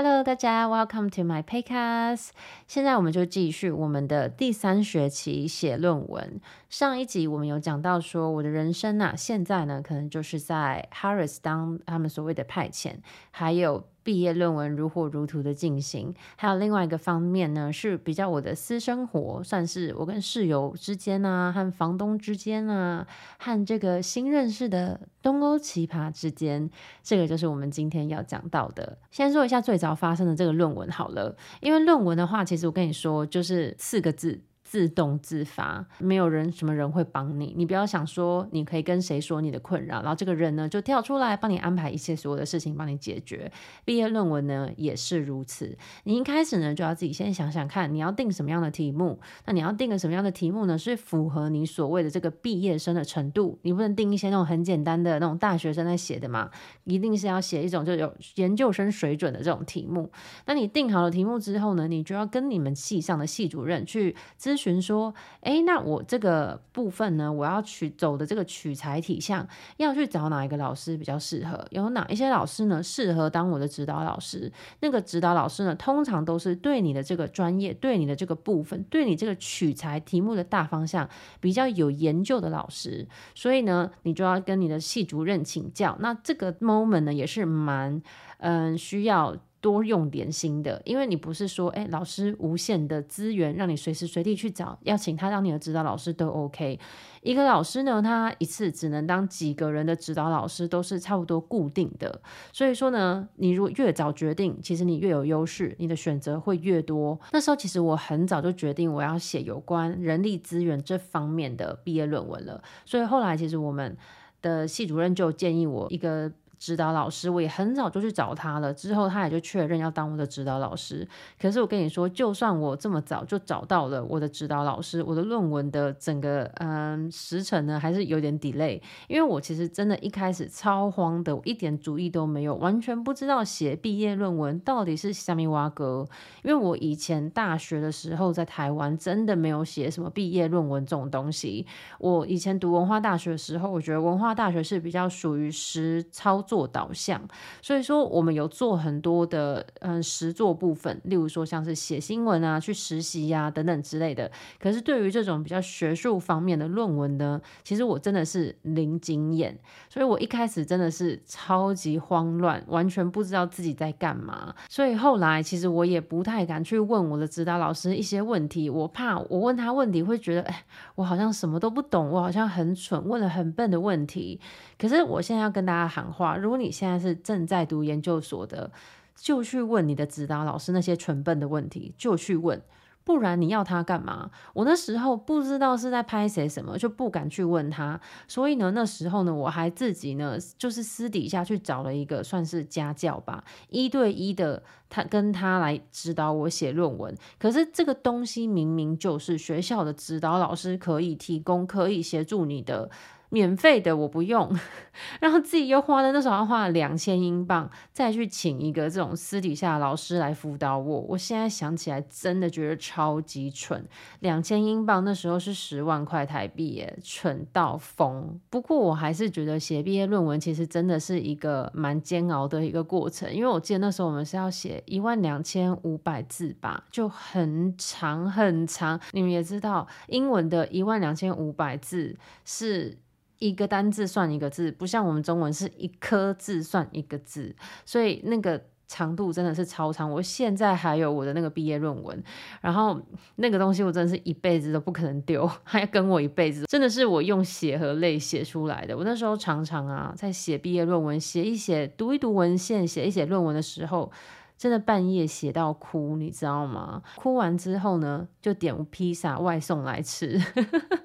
Hello，大家，Welcome to my podcast。現在我們就繼續我們的第三學期寫論文。上一集我們有講到說，我的人生吶、啊，現在呢，可能就是在 Harrods 當他們所謂的派遣，還有。畢業論文如火如荼的進行，還有另外一個方面呢，是比較我的私生活，算是我跟室友之間啊，和房東之間啊，和這個新認識的東歐奇葩之間，這個就是我們今天要講到的。先說一下最早發生的這個論文好了，因為論文的話，其實我跟你說就是四個字。自動自發，沒有人什麼人會幫你，你不要想說你可以跟誰說你的困擾，然後這個人呢就跳出來幫你安排一切所有的事情幫你解決。畢業論文呢也是如此，你一開始呢就要自己先想想看你要定什麼樣的題目，那你要定個什麼樣的題目呢是符合你所謂的這個畢業生的程度，你不能定一些那種很簡單的那種大學生在寫的嘛，一定是要寫一種就有研究生水準的這種題目。那你定好了題目之後呢，你就要跟你們系上的系主任去詢說：“哎，那我這個部分呢，我要取走的這個取材題項，要去找哪一個老師比較適合？有哪一些老師呢適合當我的指導老師？那個指導老師呢，通常都是對你的這個專業、對你的這個部分、對你這個取材題目的大方向比較有研究的老師。所以呢，你就要跟你的系主任請教。那這個 moment 呢，也是蠻嗯需要。”多用點心的，因為你不是說，哎，老師無限的資源讓你隨時隨地去找，要請他當你的指導老師都 OK。一個老師呢，他一次只能當幾個人的指導老師，都是差不多固定的。所以說呢，你如果越早決定，其實你越有優勢，你的選擇會越多。那時候其實我很早就決定我要寫有關人力資源這方面的畢業論文了，所以後來其實我們的系主任就建議我一個。指導老師，我也很早就去找他了，之後他也就確認要當我的指導老師。可是我跟你說，就算我這麼早就找到了我的指導老師，我的論文的整個嗯時程呢，還是有點 delay。因為我其實真的一開始超慌的，我一點主意都沒有，完全不知道寫畢業論文到底是蝦米碗糕。因為我以前大學的時候在台灣，真的沒有寫什麼畢業論文這種東西。我以前讀文化大學的時候，我覺得文化大學是比較屬於實操。做導向，所以說我們有做很多的嗯實作部分，例如說像是寫新聞啊、去實習呀、啊、等等之類的。可是對於這種比較學術方面的論文呢，其實我真的是零經驗，所以我一開始真的是超級慌亂，完全不知道自己在幹嘛。所以後來其實我也不太敢去問我的指導老師一些問題，我怕我問他問題會覺得，哎，我好像什麼都不懂，我好像很蠢，問了很笨的問題。可是我現在要跟大家喊話。如果你現在是正在讀研究所的，就去問你的指導老師那些蠢笨的問題，就去問，不然你要他幹嘛？我那時候不知道是在怕些什麼，就不敢去問他。所以呢，那時候呢，我還自己呢，就是私底下去找了一個算是家教吧，一對一的，他跟他來指導我寫論文。可是這個東西明明就是學校的指導老師可以提供，可以協助你的。免費的我不用， 然後自己又花了，那時候還花了兩千英鎊，再去請一個這種私底下的老師來輔導我。我現在想起來真的覺得超級蠢，兩千英鎊那時候是十萬塊台幣耶，蠢到瘋。不過我還是覺得寫畢業論文其實真的是一個蠻煎熬的一個過程，因為我記得那時候我們是要寫一萬兩千五百字吧，就很長很長。你們也知道，英文的一萬兩千五百字是。一個單字算一個字，不像我們中文是一顆字算一個字，所以那個長度真的是超長。我現在還有我的那個畢業論文，然後那個東西我真的是一輩子都不可能丟，還要跟我一輩子，真的是我用血和淚寫出來的。我那時候常常啊，在寫畢業論文，寫一寫，讀一讀文獻，寫一寫論文的時候，真的半夜寫到哭，你知道嗎？哭完之後呢，就點披薩外送來吃。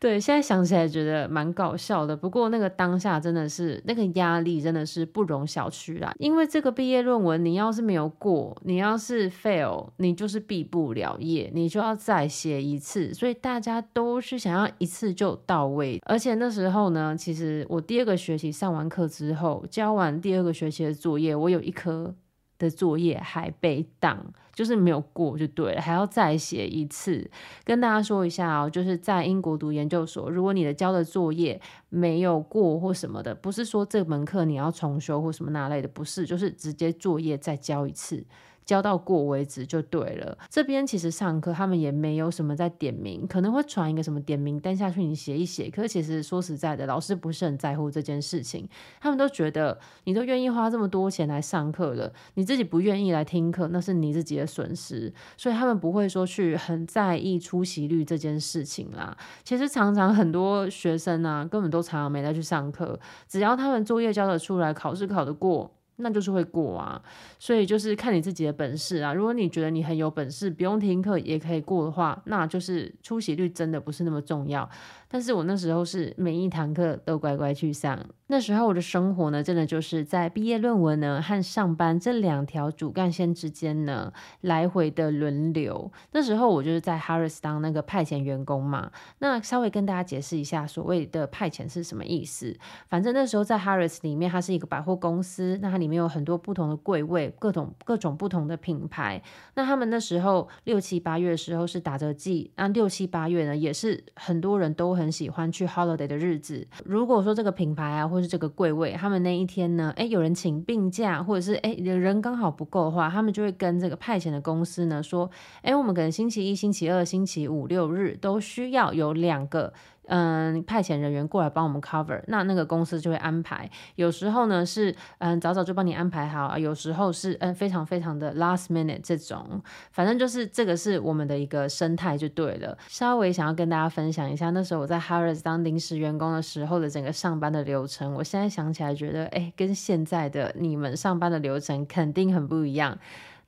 對，現在想起來覺得蠻搞笑的。不過那個當下真的是那個壓力真的是不容小覷啦，因為這個畢業論文你要是沒有過，你要是 fail，你就是畢不了業，你就要再寫一次。所以大家都是想要一次就到位。而且那時候呢，其實我第二個學期上完課之後，交完第二個學期的作業，我有一科。的作業還被擋，就是沒有過就對了，還要再寫一次。跟大家說一下哦，就是在英國讀研究所，如果你的交的作業沒有過或什麼的，不是說這門課你要重修或什麼那類的，不是，就是直接作業再交一次。交到過為止就對了。這邊其實上課他們也沒有什麼在點名，可能會傳一個什麼點名單下去，你寫一寫。可是其實說實在的，老師不是很在乎這件事情。他們都覺得你都願意花這麼多錢來上課了，你自己不願意來聽課，那是你自己的損失。所以他們不會說去很在意出席率這件事情啦。其實常常很多學生啊，根本都常常沒再去上課，只要他們作業交得出來，考試考得過。那就是會過啊，所以就是看你自己的本事啊。如果你覺得你很有本事，不用聽課也可以過的話，那就是出席率真的不是那麼重要。但是我那時候是每一堂課都乖乖去上。那時候我的生活呢，真的就是在畢業論文呢和上班這兩條主幹線之間呢來回的輪流。那時候我就是在 Harrods 當那個派遣員工嘛。那稍微跟大家解釋一下，所謂的派遣是什麼意思。反正那時候在 Harrods 裡面，它是一個百貨公司，那它裡面有很多不同的櫃位，各種各種不同的品牌。那他們那時候六七八月的時候是打折季，那六七八月呢也是很多人都很。很喜歡去 holiday 的日子。如果說這個品牌啊，或是這個櫃位，他們那一天呢，哎，有人請病假，或者是哎人剛好不夠的話，他們就會跟這個派遣的公司呢說，哎，我們可能星期一、星期二、星期五六日都需要有兩個。嗯，派遣人員過來幫我們 cover，那那個公司就會安排。有時候呢是嗯早早就幫你安排好，有時候是嗯、呃、非常非常的 last minute 這種，反正就是這個是我們的一個生態就對了。稍微想要跟大家分享一下，那時候我在 Harrods 當臨時員工的時候的整個上班的流程，我現在想起來覺得，哎、欸，跟現在的你們上班的流程肯定很不一樣。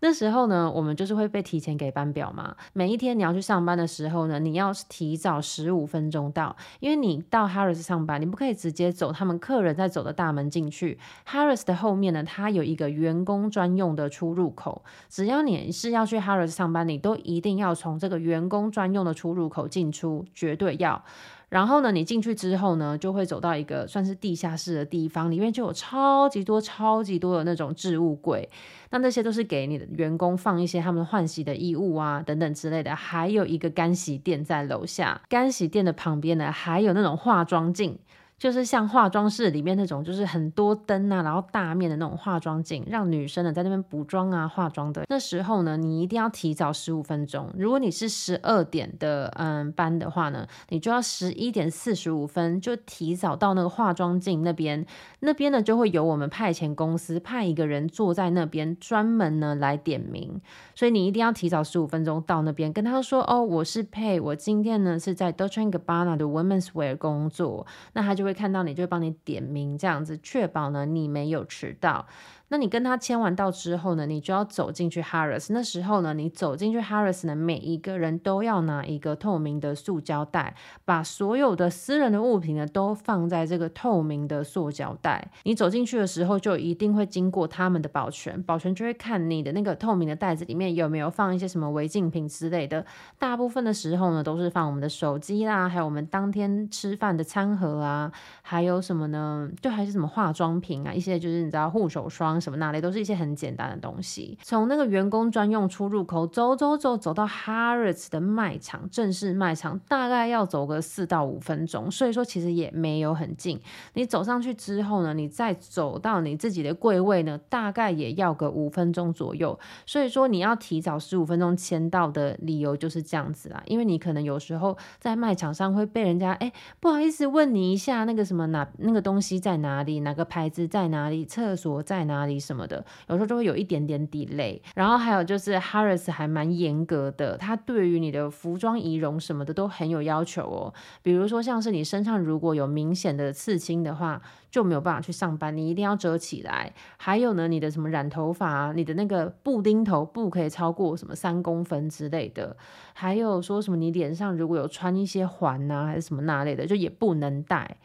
那時候呢，我們就是會被提前給班表嘛。每一天你要去上班的時候呢，你要提早十五分鐘到，因為你到 Harrods 上班，你不可以直接走他們客人在走的大門進去。Harrods 的後面呢，它有一個員工專用的出入口，只要你是要去 Harrods 上班，你都一定要從這個員工專用的出入口進出，絕對要。然後呢，你進去之後呢，就會走到一個算是地下室的地方，裡面就有超級多、超級多的那種置物櫃，那那些都是給你的員工放一些他們換洗的衣物啊等等之類的。還有一個乾洗店在樓下，乾洗店的旁邊呢，還有那種化妝鏡。就是像化妝室裡面那種，就是很多燈啊，然後大面的那種化妝鏡，讓女生呢在那邊補妝啊、化妝的。那時候呢，你一定要提早十五分鐘。如果你是十二點的嗯班的話呢，你就要十一點四十五分就提早到那個化妝鏡那邊。那邊呢就會有我們派遣公司派一個人坐在那邊，專門呢來點名。所以你一定要提早十五分鐘到那邊，跟他說哦，我是佩，我今天呢是在 Dolce & Gabbana 的 Women's Wear 工作，那他就。會看到你，就會幫你點名，這樣子確保呢你沒有遲到。那你跟他簽完到之後呢，你就要走進去 Harrods。那時候呢，你走進去 Harrods 呢，每一個人都要拿一個透明的塑膠袋，把所有的私人的物品呢都放在這個透明的塑膠袋。你走進去的時候，就一定會經過他們的保全，保全就會看你的那個透明的袋子裡面有沒有放一些什麼違禁品之類的。大部分的時候呢，都是放我們的手機啦，還有我們當天吃飯的餐盒啊，還有什麼呢？就還是什麼化妝品啊，一些就是你知道護手霜。什麼哪類，都是一些很簡單的東西。從那個員工專用出入口走走走走到 Harrods 的賣場，正式賣場大概要走個四到五分鐘，所以說其實也沒有很近。你走上去之後呢，你再走到你自己的櫃位呢，大概也要個五分鐘左右。所以說你要提早十五分鐘簽到的理由就是這樣子啦，因為你可能有時候在賣場上會被人家，哎，不好意思問你一下那個什麼哪，那個東西在哪裡，哪個牌子在哪裡，廁所在哪裡。什麼的，有時候就會有一點點 delay。然後還有就是 Harrods 還蠻嚴格的，他對於你的服裝、儀容什麼的都很有要求哦。比如說，像是你身上如果有明顯的刺青的話，就沒有辦法去上班，你一定要遮起來。還有呢，你的什麼染頭髮啊，你的那個布丁頭不可以超過什麼三公分之類的。還有說什麼，你臉上如果有穿一些環啊，還是什麼那類的，就也不能戴。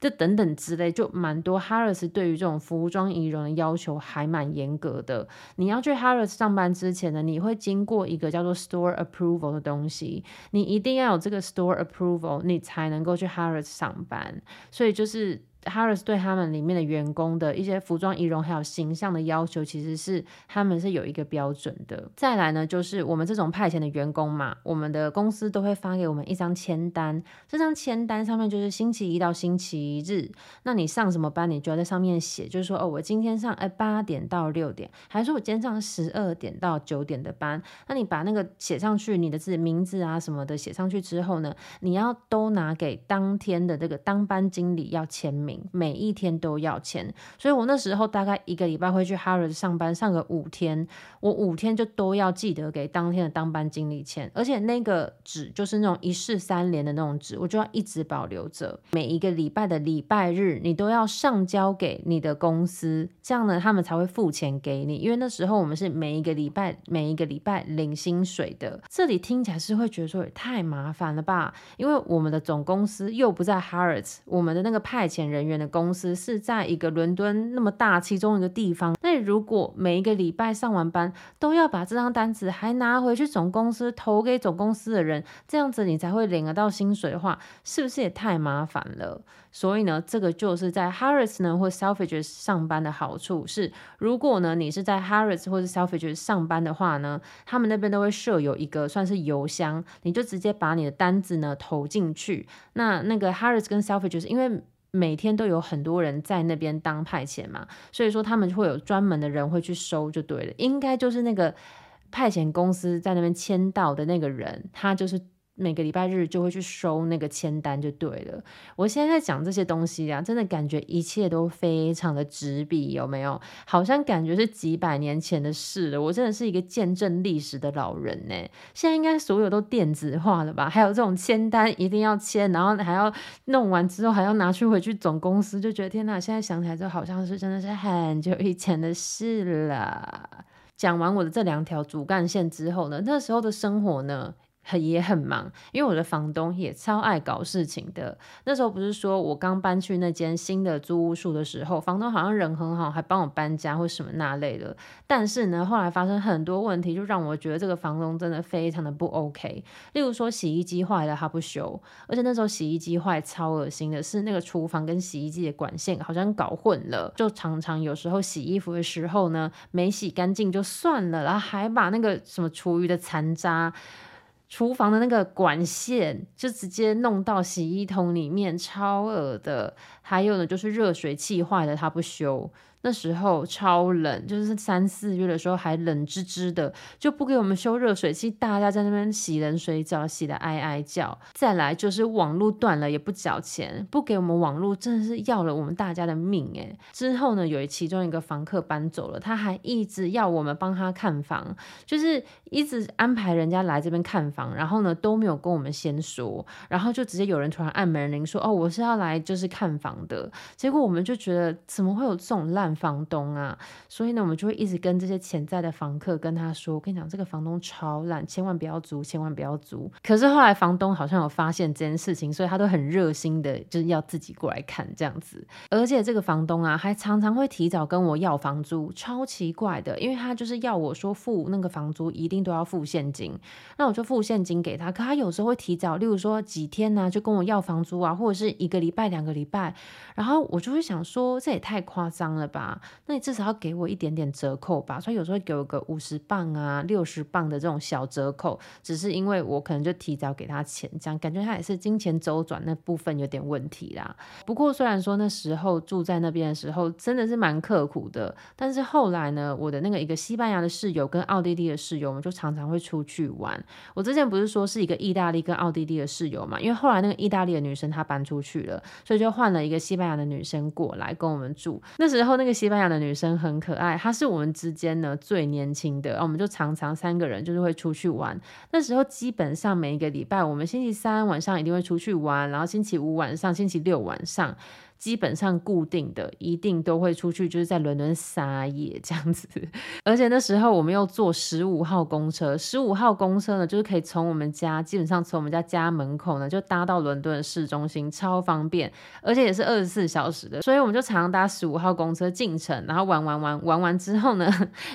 這等等之類，就蠻多。Harrods 對於這種服裝儀容的要求還蠻嚴格的。你要去 Harrods 上班之前呢，你會經過一個叫做 Store Approval 的東西，你一定要有這個 Store Approval，你才能夠去 Harrods 上班。所以就是。Harrods 對他們裡面的員工的一些服裝儀容還有形象的要求，其實是他們是有一個標準的。再來呢，就是我們這種派遣的員工嘛，我們的公司都會發給我們一張簽單，這張簽單上面就是星期一到星期日，那你上什麼班，你就要在上面寫，就是說哦，我今天上哎八點到六點，還是說我今天上十二點到九點的班，那你把那個寫上去，你的自己名字啊什麼的寫上去之後呢，你要都拿給當天的這個當班經理要簽名。每一天都要簽，所以我那時候大概一個禮拜會去 Harrods 上班，上個五天，我五天就都要記得給當天的當班經理簽，而且那個紙就是那種一式三聯的那種紙，我就要一直保留着。每一個禮拜的禮拜日，你都要上交給你的公司，這樣呢，他們才會付錢給你。因為那時候我們是每一個禮拜每一個禮拜領薪水的。這裡聽起來是會覺得說也太麻煩了吧？因為我們的總公司又不在 Harrods，我們的那個派遣人員。員的公司是在一個倫敦那麼大其中一個地方。那你如果每一個禮拜上完班都要把這張單子還拿回去總公司投給總公司的人，這樣子你才會領得到薪水的話，是不是也太麻煩了？所以呢，這個就是在 Harrods 呢或 Selfridges 上班的好處是，如果呢你是在 Harrods 或者 Selfridges 上班的話呢，他們那邊都會設有一個算是郵箱，你就直接把你的單子呢投進去。那那個 Harrods 跟 Selfridges 是因為。每天都有很多人在那邊當派遣嘛，所以說他們就會有專門的人會去收就對了，應該就是那個派遣公司在那邊簽到的那個人，他就是。每個禮拜日就會去收那個簽單，就對了。我現在在講這些東西啊，真的感覺一切都非常的紙筆，有沒有？好像感覺是幾百年前的事了。我真的是一個見證歷史的老人呢。現在應該所有都電子化了吧？還有這種簽單一定要簽，然後還要弄完之後還要拿去回去總公司，就覺得天哪！現在想起來就好像是真的是很久以前的事了。講完我的這兩條主幹線之後呢，那時候的生活呢？也很忙，因為我的房東也超愛搞事情的。那時候不是說我剛搬去那間新的租屋處的時候，房東好像人很好，還幫我搬家或什麼那類的。但是呢，後來發生很多問題，就讓我覺得這個房東真的非常的不 OK。例如說，洗衣機壞了他不修，而且那時候洗衣機壞超惡心的，是那個廚房跟洗衣機的管線好像搞混了，就常常有時候洗衣服的時候呢，沒洗乾淨就算了，然後還把那個什麼廚餘的殘渣。廚房的那個管線就直接弄到洗衣桶裡面，超惡的。還有呢，就是熱水器壞了，他不修。那時候超冷，就是三四月的時候還冷吱吱的，就不給我們修熱水器，其實大家在那邊洗冷水澡，洗得哀哀叫。再來就是網絡斷了，也不繳錢，不給我們網絡，真的是要了我們大家的命哎。之後呢，有其中一個房客搬走了，他還一直要我們幫他看房，就是一直安排人家來這邊看房，然後呢都沒有跟我們先說，然後就直接有人突然按門鈴說：“哦，我是要來就是看房的。”結果我們就覺得怎麼會有這種爛房東啊，所以呢，我們就會一直跟這些潛在的房客跟他說，我跟你講，這個房東超懶，千萬不要租，千萬不要租。可是後來房東好像有發現這件事情，所以他都很熱心的，就是要自己過來看這樣子。而且這個房東啊，還常常會提早跟我要房租，超奇怪的，因為他就是要我說付那個房租一定都要付現金，那我就付現金給他。可他有時候會提早，例如說幾天呢啊，就跟我要房租啊，或者是一個禮拜、兩個禮拜，然後我就會想說，這也太誇張了吧。那你至少要給我一點點折扣吧，所以有時候會給我個五十磅啊，、六十磅的這種小折扣，只是因為我可能就提早給他錢，這樣感覺他也是金錢周轉那部分有點問題啦。不過雖然說那時候住在那邊的時候真的是蠻刻苦的，但是後來呢，我的那個一個西班牙的室友跟奧地利的室友，我們就常常會出去玩。我之前不是說是一個意大利跟奧地利的室友嘛，因為後來那個意大利的女生她搬出去了，所以就換了一個西班牙的女生過來跟我們住。那時候那個。那個西班牙的女生很可愛，她是我們之間呢最年輕的，我們就常常三個人就是會出去玩。那時候基本上每一個禮拜，我們星期三晚上一定會出去玩，然後星期五晚上，星期六晚上。基本上固定的，一定都會出去，就是在倫敦撒野這樣子。而且那時候我們又坐十五號公車，十五號公車呢，就是可以從我們家，基本上從我們家家門口呢，就搭到倫敦市中心，超方便，而且也是二十四小時的。所以我們就常搭十五號公車進城，然後玩玩玩玩完之後呢，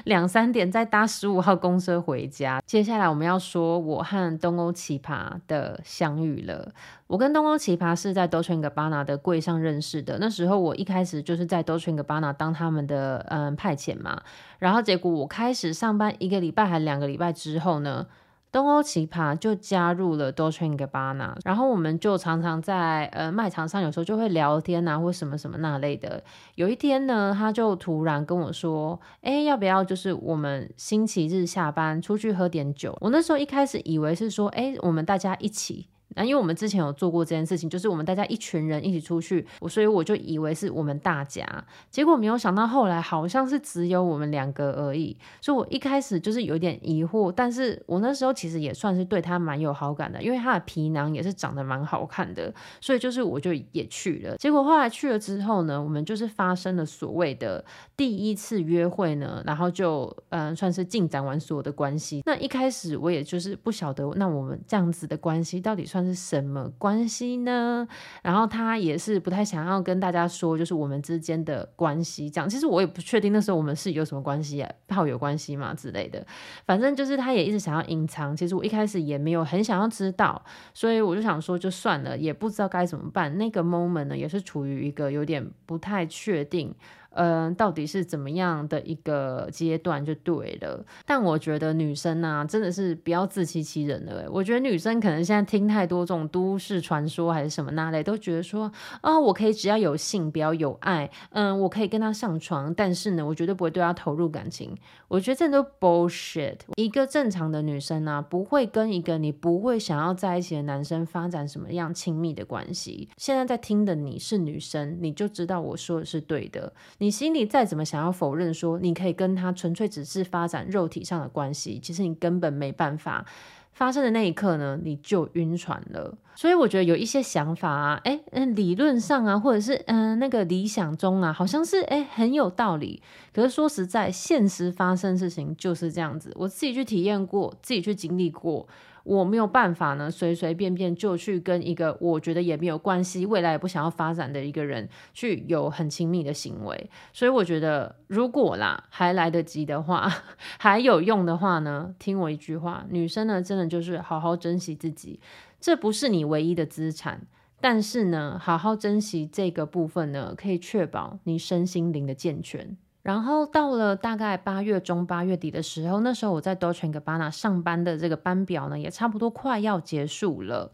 兩三點再搭十五號公車回家。接下來我們要說我和東歐奇葩的相遇了。我跟東歐奇葩是在 Dolce & Gabbana 的櫃上認識的。那時候我一開始就是在 Dolce & Gabbana 當他們的嗯派遣，嘛，然後結果我開始上班一個禮拜還兩個禮拜之後呢，東歐奇葩就加入了 Dolce & Gabbana，然後我們就常常在呃賣場上，有時候就會聊天啊，或什麼什麼那類的。有一天呢，他就突然跟我說：“哎，要不要就是我們星期日下班出去喝點酒？”我那時候一開始以為是說：“哎，我們大家一起。”那因為我們之前有做過這件事情，就是我們大家一群人一起出去，我所以我就以為是我們大家，結果沒有想到後來好像是只有我們兩個而已，所以我一開始就是有點疑惑，但是我那時候其實也算是對他蠻有好感的，因為他的皮囊也是長得蠻好看的，所以就是我就也去了，結果後來去了之後呢，我們就是發生了所謂的第一次約會呢，然後就嗯算是進展完所有的關係。那一開始我也就是不曉得，那我們這樣子的關係到底算是什麼關係呢？然後他也是不太想要跟大家說，就是我們之間的關係這樣。其實我也不確定那時候我們是有什麼關係啊，炮友關係嘛之類的。反正就是他也一直想要隱藏。其實我一開始也沒有很想要知道，所以我就想說就算了，也不知道該怎麼辦。那個 moment 呢，也是處於一個有點不太確定。呃、嗯，到底是怎麼樣的一個階段就對了。但我覺得女生呢、啊，真的是不要自欺欺人了耶。我覺得女生可能現在聽太多這種都市傳說還是什麼，那類都覺得說啊、哦，我可以只要有性，不要有愛，嗯，我可以跟她上床，但是呢，我絕對不會對她投入感情。我覺得這都 bullshit。一個正常的女生呢、啊，不會跟一個你不會想要在一起的男生發展什麼樣親密的關係。現在在聽的你是女生，你就知道我說的是對的。你心裡再怎麼想要否認說，你可以跟他純粹只是發展肉體上的關係，其實你根本沒辦法。發生的那一刻呢，你就暈船了。所以我覺得有一些想法啊，誒、欸，嗯、欸，理論上啊，或者是嗯、呃、那個理想中啊，好像是誒、欸，很有道理。可是說實在，現實發生的事情就是這樣子，我自己去體驗過，自己去經歷過。我沒有辦法呢，隨隨便便就去跟一個我覺得也沒有關係，未來也不想要發展的一個人去有很親密的行為，所以我覺得如果啦還來得及的話，還有用的話呢，聽我一句話，女生呢真的就是好好珍惜自己，這不是你唯一的資產，但是呢好好珍惜這個部分呢，可以確保你身心靈的健全。然後到了大概八月中、八月底的時候，那時候我在 Dolce & Gabbana 上班的這個班表呢，也差不多快要結束了。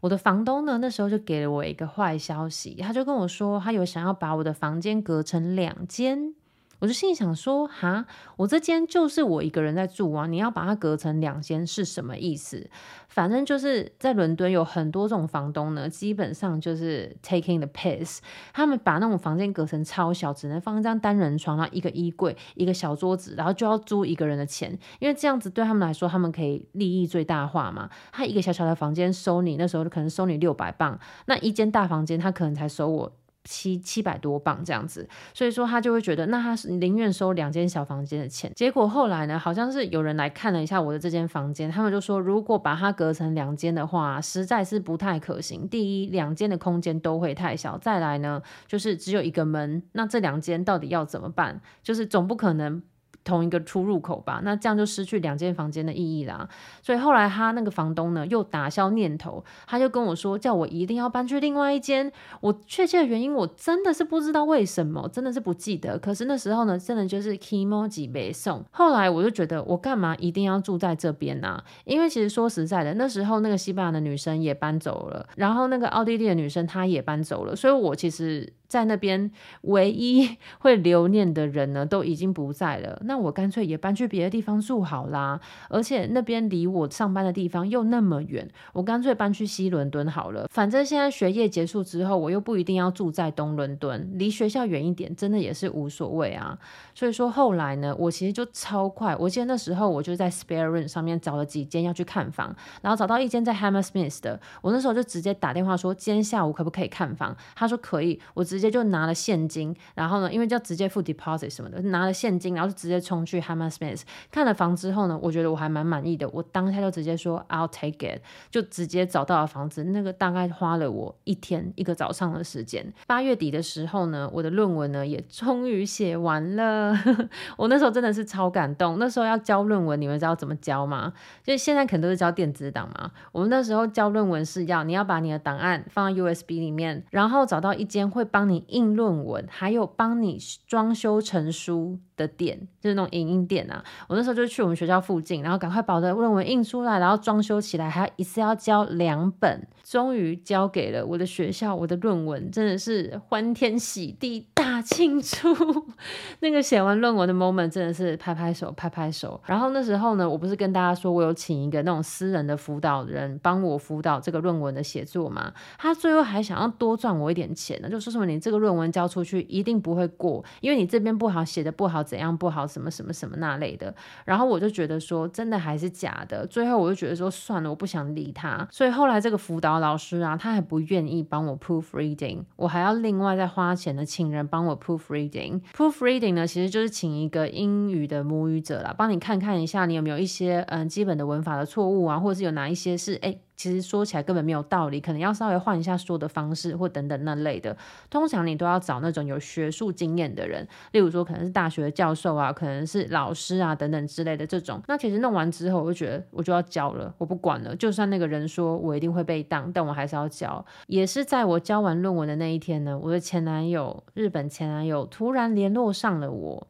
我的房東呢，那時候就給了我一個壞消息，他就跟我說，他有想要把我的房間隔成兩間。我就心裡想說，哈，我這間就是我一個人在住啊，你要把它隔成兩間是什麼意思？反正就是在倫敦有很多這種房東呢，基本上就是 taking the piss，他們把那種房間隔成超小，只能放一張單人床，然後一個衣櫃，一個小桌子，然後就要租一個人的錢，因為這樣子對他們來說，他們可以利益最大化嘛。他一個小小的房間收你，那時候可能收你六百鎊，那一間大房間他可能才收我。七七百多磅這樣子，所以說他就會覺得，那他是寧願收兩間小房間的錢。結果後來呢，好像是有人來看了一下我的這間房間，他們就說，如果把它隔成兩間的話，實在是不太可行。第一，兩間的空間都會太小；再來呢，就是只有一個門，那這兩間到底要怎麼辦？就是總不可能。同一個出入口吧，那這樣就失去兩間房間的意義啦。所以後來他那個房東呢，又打消念頭，他就跟我說，叫我一定要搬去另外一間。我確切的原因，我真的是不知道為什麼，真的是不記得。可是那時候呢，真的就是 emoji 沒送。後來我就覺得，我幹嘛一定要住在這邊呢、啊？因為其實說實在的，那時候那個西班牙的女生也搬走了，然後那個奧地利的女生她也搬走了，所以我其實。在那邊唯一會留念的人呢，都已經不在了。那我乾脆也搬去別的地方住好啦。而且那邊離我上班的地方又那麼遠，我乾脆搬去西倫敦好了。反正現在學業結束之後，我又不一定要住在東倫敦，離學校遠一點，真的也是無所謂啊。所以說後來呢，我其實就超快。我記得那時候我就在 Spare Room 上面找了幾間要去看房，然後找到一間在 Hammersmith 的，我那時候就直接打電話說今天下午可不可以看房？他說可以，我直。直接就拿了現金，然後呢，因為就直接付 deposit 什麼的，拿了現金，然後就直接衝去 Hammersmith 看了房子之後呢，我覺得我還蠻滿意的，我當下就直接說 I'll take it，就直接找到了房子。那個大概花了我一天一個早上的時間。八月底的時候呢，我的論文呢也終於寫完了， 我那時候真的是超感動。那時候要交論文，你們知道怎麼交嗎？就現在可能都是交電子檔嘛，我們那時候交論文是要你要把你的檔案放在 USB 裡面，然後找到一間會幫。你印論文，還有幫你裝修成書的店，就是那種影印店啊。我那時候就去我們學校附近，然後趕快把我的論文印出來，然後裝修起來，還要一次要交兩本，終於交給了我的學校。我的論文真的是歡天喜地大慶祝， 那個寫完論文的 moment 真的是拍拍手拍拍手。然後那時候呢，我不是跟大家說我有請一個那種私人的輔導人幫我輔導這個論文的寫作嗎？他最後還想要多賺我一點錢，呢，就說什麼你。這個論文交出去一定不會過，因為你這邊不好，寫得不好，怎樣不好，什麼什麼什麼那類的。然後我就覺得說，真的還是假的？最後我就覺得說，算了，我不想理他。所以後來這個輔導老師啊，他還不願意幫我 proofreading，我還要另外再花錢的請人幫我 proofreading。proofreading 呢，其實就是請一個英語的母語者啦，幫你看看一下你有沒有一些嗯、呃、基本的文法的錯誤啊，或者是有哪一些是哎。誒其實說起來根本沒有道理，可能要稍微換一下說的方式，或等等那類的。通常你都要找那種有學術經驗的人，例如說可能是大學教授啊，可能是老師啊等等之類的這種。那其實弄完之後，我就覺得我就要交了，我不管了，就算那個人說我一定會被當，但我還是要交。也是在我交完論文的那一天呢，我的前男友，日本前男友突然聯絡上了我，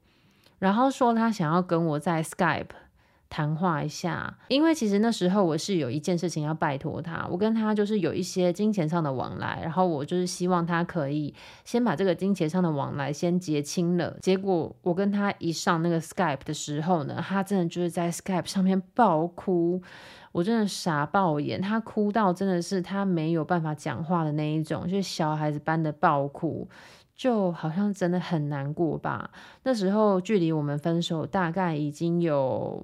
然後說他想要跟我在 Skype 談話一下，因為其實那時候我是有一件事情要拜托他，我跟他就是有一些金錢上的往來，然後我就是希望他可以先把這個金錢上的往來先結清了。結果我跟他一上那個 Skype 的時候呢，他真的就是在 Skype 上面爆哭，我真的傻爆眼，他哭到真的是他沒有辦法講話的那一種，就是小孩子般的爆哭，就好像真的很難過吧。那時候距離我們分手大概已經有。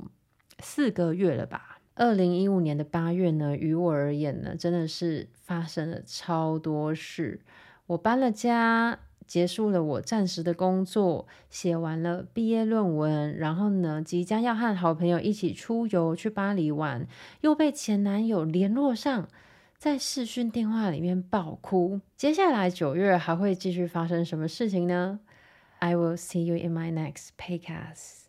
四個月了吧？二零一五年的八月呢，於我而言呢，真的是發生了超多事。我搬了家，結束了我暫時的工作，寫完了畢業論文，然後呢，即將要和好朋友一起出游去巴黎玩，又被前男友聯絡上，在視訊電話裡面爆哭。接下來九月還會繼續發生什麼事情呢？I will see you in my next podcast.